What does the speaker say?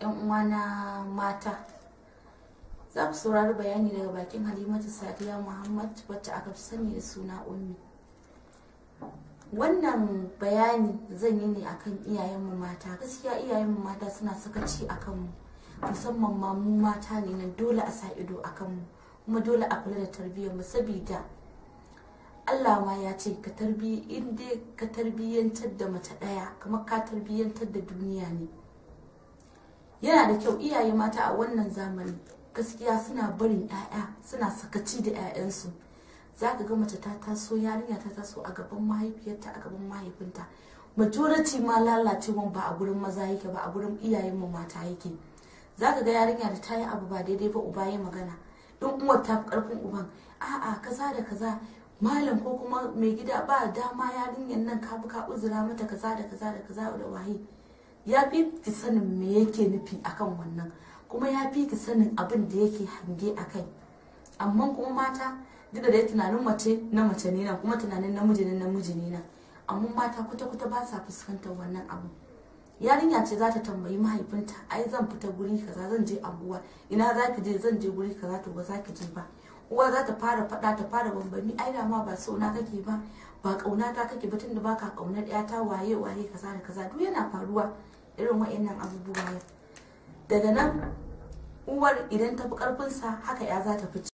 'yan uwana mata za ku saurari bayani daga bakin halimatu sadiya muhammad wacce aka fi sani da suna ummi wannan bayani zan yi ne akan iyayenmu mata gaskiya iyayenmu mata suna sakaci a kanmu musamman ma mu mata ne dole a sa ido a kanmu kuma dole a kula da tarbiyyar mu sabida Allah ma ya ce ka tarbi in dai ka tarbiyyantar da mata ɗaya kamar ka tarbiyyantar da duniya ne yana da kyau iyaye mata a wannan zamani gaskiya suna barin 'ya'ya suna sakaci da 'ya'yansu za ka ga mace ta taso yarinya ta taso a gaban mahaifiyarta a gaban mahaifinta majority ma lalacewa ba a gurin maza yake ba a gurin iyayen mu mata yake za ka ga yarinya da ta yi abu ba daidai ba uba ya magana in uwar ta karfin uban a'a kaza da kaza malam ko kuma mai gida ba dama yarinyar nan ka bi ka uzura mata kaza da kaza da kaza da waye ya fi ki sanin me yake nufi akan wannan kuma ya fi ki sanin abin da yake hange a kai amma kuma mata duk da tunanin mace na mace ne na kuma tunanin namiji ne namiji ne na amma mata kuta-kuta ba sa fuskantar wannan abu yarinya ce za ta tambayi mahaifinta ai zan fita guri kaza zan je anguwa ina za ki je zan je guri kaza to ba za ki je ba uwa za ta fara faɗa ta fara bambami ai da ma ba sauna kake ba ba kauna ta kake ba tunda baka kaunar ɗaya ta waye waye kaza da kaza duk yana faruwa irin wa'annan abubuwa daga nan uwar idan ta fi sa haka ya za ta fice